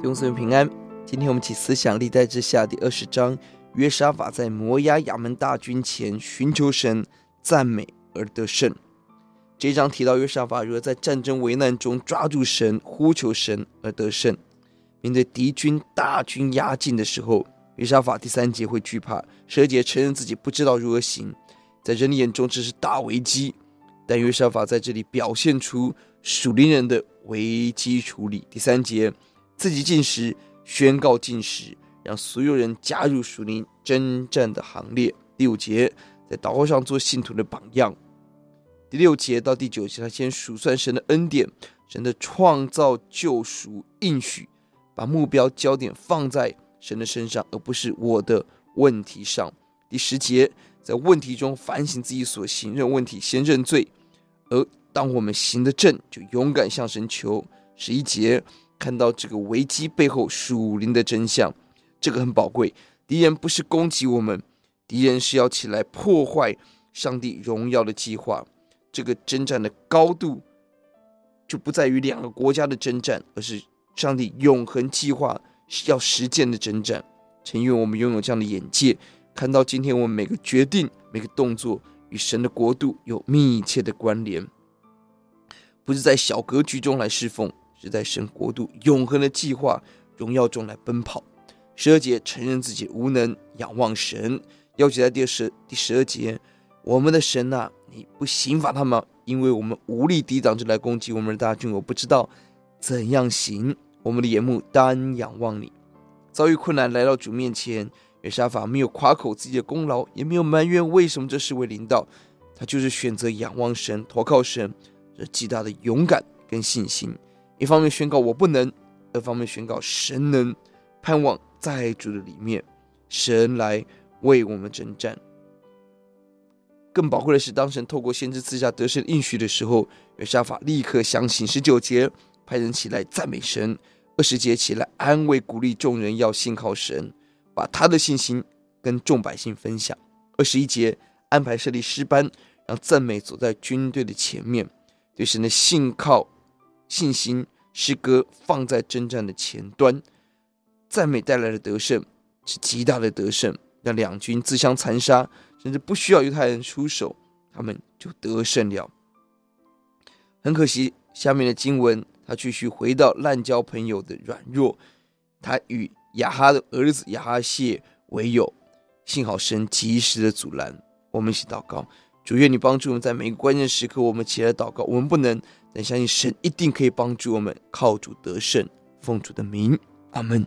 弟兄姊妹平安，今天我們起思想歷代志下第二十章，約沙法在摩押亞捫大軍前尋求神讚美而得勝。這一章提到約沙法如何在戰爭危難中抓住神，呼求神而得勝。面對敵軍大軍壓境的時候，約沙法第三節會懼怕，十二節承認自己不知道如何行，在人的眼中這是大危機，但約沙法在這裡表現出屬靈人的危機處理。第三節。自己禁食，宣告禁食，讓所有人加入屬靈爭戰的行列。第五節，在禱告上做信徒的榜樣。第六節到第九節，他先數算神的恩典、神的創造、救贖應許，把目標焦點放在神的身上，而不是我的問題上。第十節，在問題中反省自己所行，任問題，先認罪，而當我們行得正，就勇敢向神求。十一節。看到這個危機背後屬靈的真相，這個很寶貴。敵人不是攻擊我們，敵人是要起來破壞上帝榮耀的計劃。這個爭戰的高度就不在於兩個國家的爭戰，而是上帝永恆計劃是要實踐的爭戰。誠願我們擁有這樣的眼界，看到今天我們每個決定、每個動作與神的國度有密切的關聯，不是在小格局中來事奉。是在神國度永恆的計劃榮耀中來奔跑。十二節承認自己無能，仰望神。鑰節在第十第十二節，我們的神啊，你不刑罰他們嗎？因為我們無力抵擋這來攻擊我們的大軍。我不知道怎樣行，我們的眼目單仰望你。遭遇困難來到主面前，約沙法沒有誇口自己的功勞，也沒有埋怨為什麼這是位領導，他就是選擇仰望神，投靠神，這極大的勇敢跟信心。一方面宣告我不能，二方面宣告神能。盼望在主的裡面，神來為我們征戰。更寶貴的是，當神透過先知賜下得勝應許的時候，約沙法立刻相信。十九節派人起來讚美神；二十節起來安慰鼓勵眾人要信靠神，把他的信心跟眾百姓分享。二十一節安排設立詩班，讓讚美走在軍隊的前面，對神的信靠。信心詩歌放在征戰的前端，讚美帶來的得勝是極大的得勝，讓兩軍自相殘殺，甚至不需要猶大人出手，他們就得勝了。很可惜，下面的經文他繼續回到濫交朋友的軟弱，他與亞哈的兒子亞哈謝為友。幸好神及時的阻攔，我們一起禱告，主願你幫助我們，在每一個關鍵時刻，我們起來禱告，我們不能。相信神一定可以幫助我們靠主得勝，奉主的名，阿門。